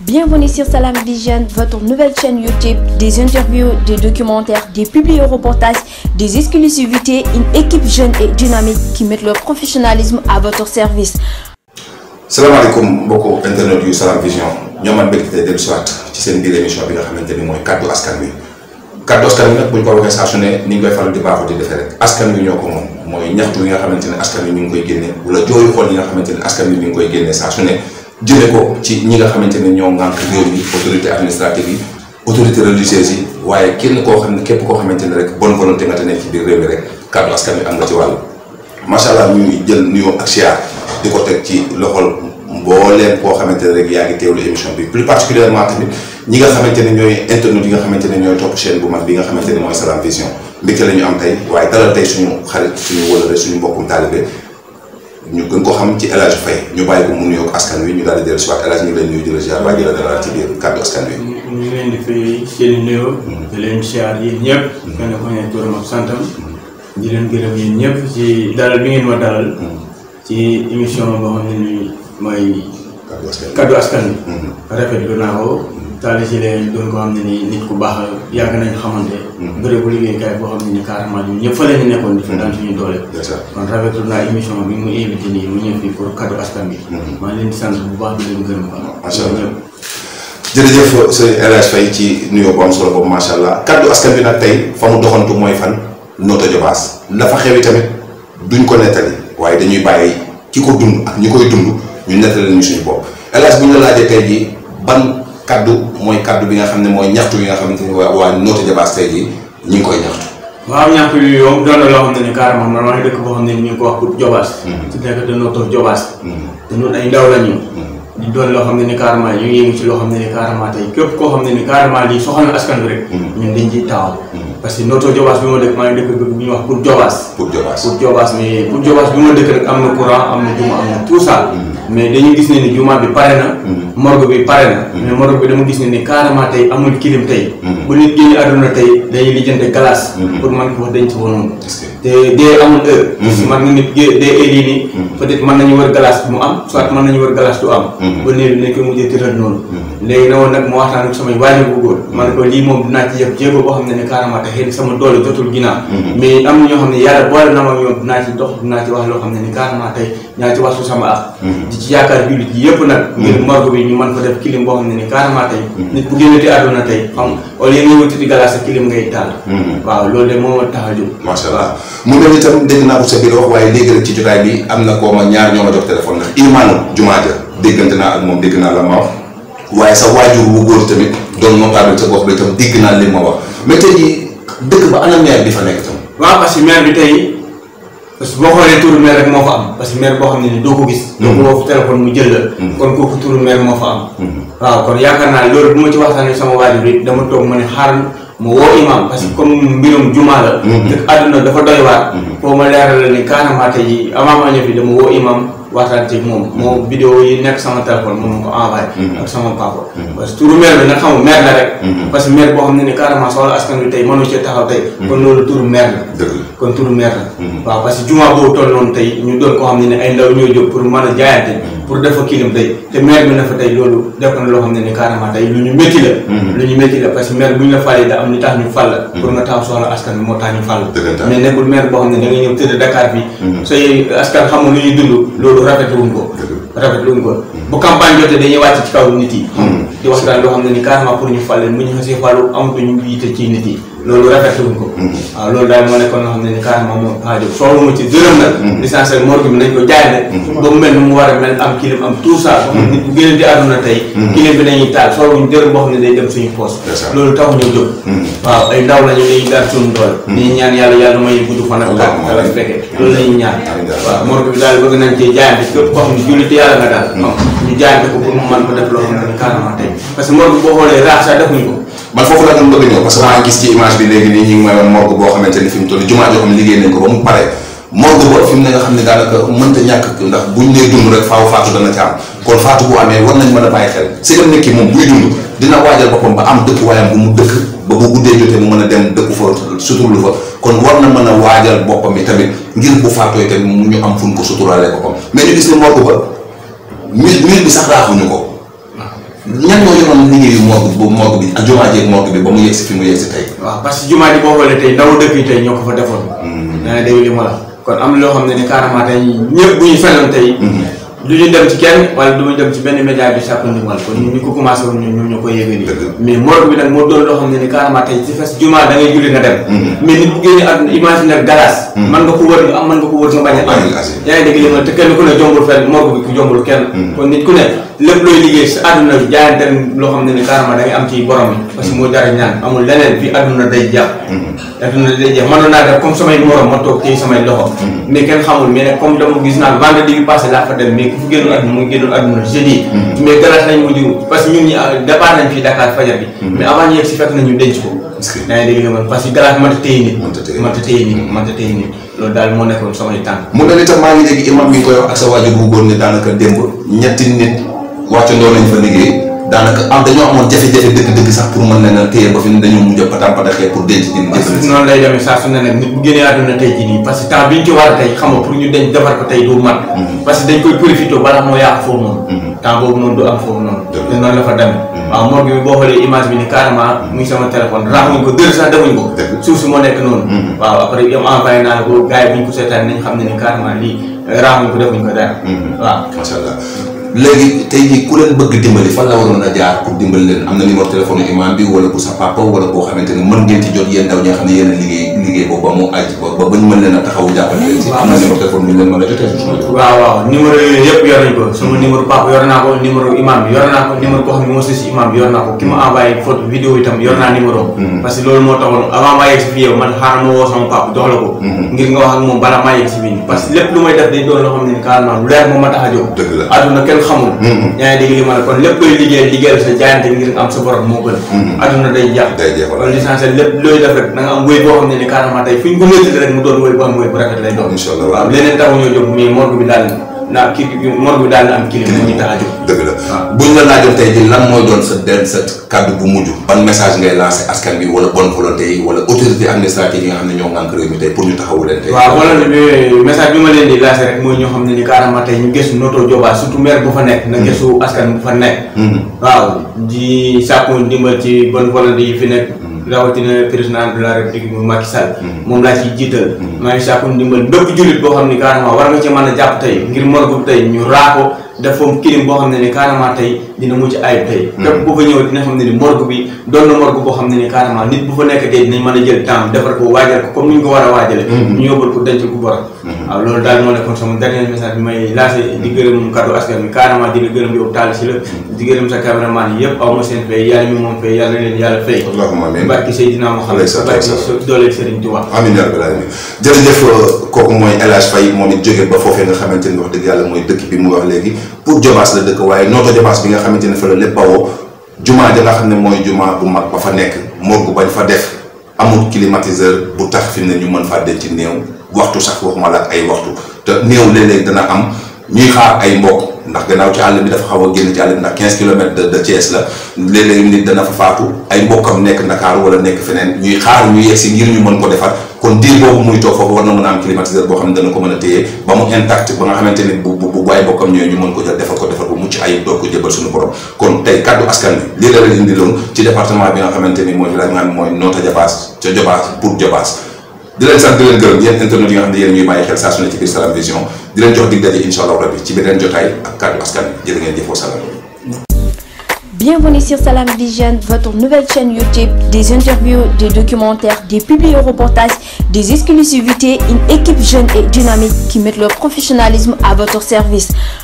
Bienvenue sur Salam Vision, votre nouvelle chaîne YouTube, des interviews, des documentaires, des publi-reportages, des exclusivités, une équipe jeune et dynamique qui Vision ñoo man mbégte tey dellu si waat ci seen biir émission bi nga xamante ni mooy kàddu askan wi kàddu askan wi nag bu ñu ko ni ñu koy faral di ñoo ko moom mooy ñaxtu yi nga xamante askan wi ñu ngi koy génne wala jooyu xool yi nga xamante askan wi ñu ngi koy génne saa su ne. jëlee ko ci ñi nga xamante ne ñoo ŋànk réew mi autorité administrative yi autorité religieuse yi waaye kenn koo xam ne képp koo xamante ne rek bon volonté nga te nekk ci biir réew mi rek kàddu am nga ci wàll. macha allah ñu jël nuyoo ak di ko teg ci loxol mbooleem koo xamante ne rek bi plus particulièrement tamit ñi nga xamante ne ñooy internet nga xamante ne ñooy topp chaîne bu mag bi nga xamante ne mooy Salam Vision mbégte la am tey waaye dalal tey suñu xarit suñu wëlëre suñu mbokkum taalibe ñu gën ko xam ci El Hadj ñu bàyyi ko mu nuyoog askan wi ñu daal di dellusiwaat El Hadj ñu leen di la ziar waaye di la dalal ci biir ñu ngi leen i nuyoo. Mm-hmm. Mm-hmm. ne turam santam. Mm-hmm. di leen gërëm yéen ñëpp ci dalal bi ngeen ma dalal. ci émission boo xam ne nii mooy. kàddu askan wi kàddu askan wi. rafetlu naa ko. Talla Sylla doon ko xam ne nii nit ku baax yàgg nañu xamante. Mhm. bëre bu liggéeykaay boo xam ne nii carrément ñun ñëpp fa la nekkoon. dafa mhm. daan suñu doole. kon bi mu invité mhm. leen di bu baax di leen gërëm. macha ci nuyoo bu am solo boobu macha allah kaddu askan bi nag tey fa mu doxantu mooy fan Notto Diobass la fa xewi duñ ko nettali waaye dañuy bàyyi ki ko dund ak ñi koy dund ñu nettali ñu suñu bopp El bu ñu la tey ban kaddu mooy kaddu bi nga xam ne mooy ñaxtu bi nga xamante ni waa waa Notto Diobass tey jii ñu ngi koy ñaxtu. waaw ñaxtu yu yow doon na loo xam ne carrément man wax dëkk ñu ko wax pour Diobass. Hmm. su nekk dañoo toog hmm. hmm. xam ne ni carrément ñu ngi yëngu xam ne ni carrément tey képp xam ne askan bi rek. ñun dañ ciy taxaw. parce que Notto bi ma dëkk maa ngi dëkk bu ñuy wax pour Diobass. pour Diobass mais pour Diobass bi ma dëkk am na courant am na juma am na tout ça mais dañu gis ne ni jumaa bi pare na. Mm-hmm. morgue bi pare na. Mm-hmm. mais bi dama gis ne ni carrément tey amul kilim tey. Mm-hmm. bu nit génne àdduna tey dañuy lijjante glace. pour man ko wax dañ ci woon. te dee dee heure yi nii. peut être mën nañu war glace mu am war glace du am. ba léegi na woon nag ma waxtaan ak samay waajur bu góor. ma ne ko lii moom dinaa ci yëpp jéego boo xam ne carrément sama doole jotul ginnaaw. mais am na ñoo na ma wax loo xam ne ni carrément tey ñaa ci wax su sama ak di ci yaakaar jullit yi yëpp nag ngir morgue bi ñu mën fa def kilim boo xam ne ni tey hmm. nit bu génnati àdduna tey xam nga hmm. waaw loolu de moo tax a jóg macha allah mu mel sa biir wax waaye léegi rek ci jotaay bi am ñoo ma moom dégg naa la ma wax waaye sa waajur bu góor tamit doon notable sa gox bi tam dégg naa li ma wax mais tey jii dëkk ba ana maire bi fa nekk tam waaw parce que bi tey parce que boo xoolee turu maire rek moo fa am parce que maire boo xam ne ni doo ko gis. Mm-hmm. doo ko woo fi mu jël la. Mm-hmm. kon kooku turu maire moo fa am. Mm-hmm. waaw kon yaakaar naa loolu bu ma ci waxtaanee sama waajur yi dama toog ma ne xaaral ma woo imam parce que comme mbirum jumaa la. dëkk àdduna dafa doy waar. boo ma leeral la ni carrément tey jii avant ma dama woo imam. waxtaan ci moom. Mm-hmm. moom vidéo yi nekk sama téléphone moom ko envoyé. Mm-hmm. ak sama papa. Mm-hmm. parce turu maire bi nag xam nga la rek. parce que maire boo xam ne ni carrément soxla askan bi tey mënu cee taxaw tey. kon loolu turu maire la. kon turu maire la. waaw parce que jumaa boobu toll noonu tey ñu doon koo xam ne ni ay ndaw ñoo jóg pour man a jaayante. pour def fa kilim tey te maire bi na fa tey loolu def na loo xam ne ni carrément tey lu ñu métti la mhm. lu ñu métti la parce que maire bu ñu la fàllee da am li tax ñu fàll la mhm. pour nga taxaw soxla askan moo tax ñu fàll la mais nekkul maire boo xam ne da ñëw tëdd Dakar bi mhm. say askan xamul lu loolu rafetluwuñ ko rafetluwuñ ko bu campagne jotee dañuy wàcc ci nit yi di waxtaan loo xam ne ni carrément pour ñu fàll mu ñu xasee fàllu amatuñu yitte ci nit yi loolu rafetluñ ko mm-hmm. waaw loolu daal moo nekkoon loo xam ne ni carrément moom aajo soxla ma ci dërëm nag l'essentiel mm-hmm. morgue bi nañ ko jaay nag mm-hmm. ba mu mel ni mu war a mel am kilim am tout ça ba nit bu génn di àdduna tey kilim bi nañuy taal soxla wuñ dërëm boo xam ne day dem suñu poos loolu taxu jóg waaw ay ndaw lañu dañuy daal suñu doole ñuy ñaan yàlla yàlla may gudd fan ak kàttan ak fekke loolu boo xoolee raax sax defuñ ko man foofu la doon bëgg ñëw parce que maa gis ci image bi léegi nii ñu may woon boo xamante ne fi mu toll jumaa joo xam liggéey nañ ko ba mu pare morgue boo fi ne nga xam ne daanaka mënta ñàkk ndax buñ nee dund rek faaw faatu dana ci am kon faatu bu amee war nañ mën a bàyyi xel si dem nekki moom buy dund dina waajal boppam ba am dëkk waayam bu mu dëkk ba bu guddee jotee mu mën a dem dëkku fa suturlu fa kon war na mën a waajal boppam yi tamit ngi bu faatooy tamit mu ko suturaale boppam mais ñu gis ne ñan moo yoroon liggéeyu morgue bu morgue bi ak jumaa ji ak bi ba mu yegg si fi mu yegg si tey. waaw parce que jumaa ji boo xoolee tey ndaw dëkk yi tey ñoo ko fa defoon. nee na day li la kon am loo xam ne ni carrément tey ñëpp bu ñu feneen tey. Hmm. du ñu dem ci kenn wala du ñu dem ci benn média bi sàkku ndimbal kon ñu ko commencé woon ñoom ñoo koy yëgal yi mais morgue bi nag moo doon loo xam ne ni carrément tey man mm-hmm. mm-hmm. nga ko wër am man ko wër a am yaa ngi dégg li ma te kenn ku ne jombul fenn morgue mm-hmm. loo xam ne ni carrément ci borom bi parce que moo jar ñaan amul leneen fi àdduna day jàpp adduna day jeex mënoon naa def comme samay morom ma toog tey samay loxo mm-hmm. mais kenn xamul mais nag comme dama gis naa vendredi bi mm-hmm. que ñun ñi ah, départ nañ fii Dakar fajar bi mm-hmm. que galaat mënta téye nit mënta téye nit mënta téye nit loolu daal moo nekkoon samay tànk mu ne itam maa ngi dégg imam mi ngi koy wax ak sa waajur bu góor ne daanaka démb ñetti nit wàcc ndoo nañ fa liggéey daanaka am dañoo amoon jafe-jafe dëgg-dëgg sax pour mën leen a téye ba fi mu dañoo mujj a patam pataxee pour denc din jëfandikoo noonu lay demee saa su ne nag nit bu génnee àdduna tey jii nii parce que temps bi ñu ci war a tey xam nga pour ñu dañ defar ko tey du mat mhm. parce que dañ koy profité balaa moo yàq foofu noonu mhm. temps boobu noonu du am foofu noonu te noonu la fa demee mhm. waaw morgue bi boo xoolee image bi ni carrément muy sama téléphone raaxuñ ko dër sax defuñ ko suuf si moo nekk noonu waaw après yam envoyé naa ko gars yi bu ñu ko seetaan nañ xam ne ni carrément lii raaxuñ ko defuñ ko dara waaw macha allah léegi tey jii ku leen bëgg dimbali fan la waroon a jaar pour dimbali leen am na numéro téléphone imam bi wala bu sa papa wala boo xamante ne mën ngeen ci jot yéen ndaw ñi nga xam ne yéen a liggéey liggéey boobu ba mu àjj ba ba ñu mën leen a taxawu jàppale leen si. am na numéro téléphone bu ñu leen mën a jotee. waaw waaw numéro yooyu yëpp yor nañ ko sama numéro papa yor naa ko numéro imam bi yor naa ko numéro koo xam ne moo si si imam bi yor naa ko ki ma envoyé photo vidéo itam yor naa numéro mm-hmm. parce que loolu moo taxoon avant maa yegg si fii yow man xaaral ma woo sama papa jox la ko mm-hmm. ngir nga wax ak moom bala maa yegg si fii parce que lépp lu may def day doon loo xam ne ni carrément lu leer moom ma tax a jóg dëgg la aduna kenn xamul mm-hmm. yaa ngi dégg li ma la kon lépp koy liggéey liggéeyal sa jaayante ngir nga am sa borom moo gën aduna day jeex day jeex kon l'essentiel lépp looy def rek da nga am wéy boo xam ne ni carrément tey fu ñu ko léegi rek mu doon wéy bu am wéy bu rafet lay doon. waaw leneen taxu ñoo jóg mais morgue bi daal naa kii morgue bi daal na am kilim moo ñu tax a jóg. dëgg la buñ la sa den sa kàddu bu mujj. ban message ngay lancé askan bi wala bonne volonté yi wala autorité administrative yi nga xam ne ñoo ngànk réew mi tey pour ñu taxawu leen tey. waaw wala message bi ma leen di lancé rek mooy ñoo xam ne ni carrément tey ñu gëstu noto Jobaas surtout maire bu hmm. bu fa nekk hmm. rawatina président de la république bu Macky Sall. Mm-hmm. moom laa ci jiital. Mm-hmm. maa ngi sàkku ndimbal bépp jullit boo xam ne carrément war nga ci mën a jàpp tey ngir morgu tey ñu raako def foofu kilim boo xam ne ni carrément tey. dina mucc ayib tey hmm. képp ku fa ñëw dina xam ne ni morgue bi doon na morgue boo xam ne ni carrément nit bu fa nekk tey dinañ mën a jël temps defar ko waajal ko comme ni ñu ko a hmm. hmm. moo nekkoon sama dina gërëm yow taal sa caméraman yëpp aw ma seen fay yàlla mi moom fay yàlla fay moom it jóge ba foofee nga xamante ni wax dëgg yàlla mooy dëkk bi mu wax léegi pour Jobaas la dëkk waaye nooto Jobaas bi nga xamante ne fa la lépp bawoo nga xam ne mooy jumaa bu mag ba fa nekk morgue ba fa def amul climatiseur bu tax fi mu ne ñu mën faa denc néew waxtu sax waxuma la ak ay waxtu te néew léeg-léeg dana am ñuy xaar ay mbokk ndax gannaaw ci àll bi a génn ci àll bi ndax 15 kilomètres de de Thiès la léeg dana fa faatu ay mbokkam nekk Ndakaaru nekk feneen ñuy xaar ñu yegg si ngir ko defar kon diir boobu muy toog foofu war am ne dana ko mën a téye ba mu intact ba nga xamante ni bu bu bu bàyyi mbokkam ñooy ñu mën ko jël defar ko. mucc ayib doo ko jëbal suñu borom kon tey kàddu askan bi lii la leen indi loon ci département bi nga xamante ni mooy la nga xam mooy noota Diobass ca Diobass pour Diobass di leen sant di leen gërëm yéen internet yi nga xam ne yéen ñuy bàyyi xel saa su ne ci biir Salam Vision di leen jox dig daje insha allahu rabbi ci beneen jotaay ak kàddu askan bi jërë ngeen jëfoo salam Bienvenue sur Salam Vision, votre nouvelle chaîne YouTube, des interviews, des documentaires, des publi-reportages, des exclusivités, une équipe jeune et dynamique qui met leur professionnalisme à votre service.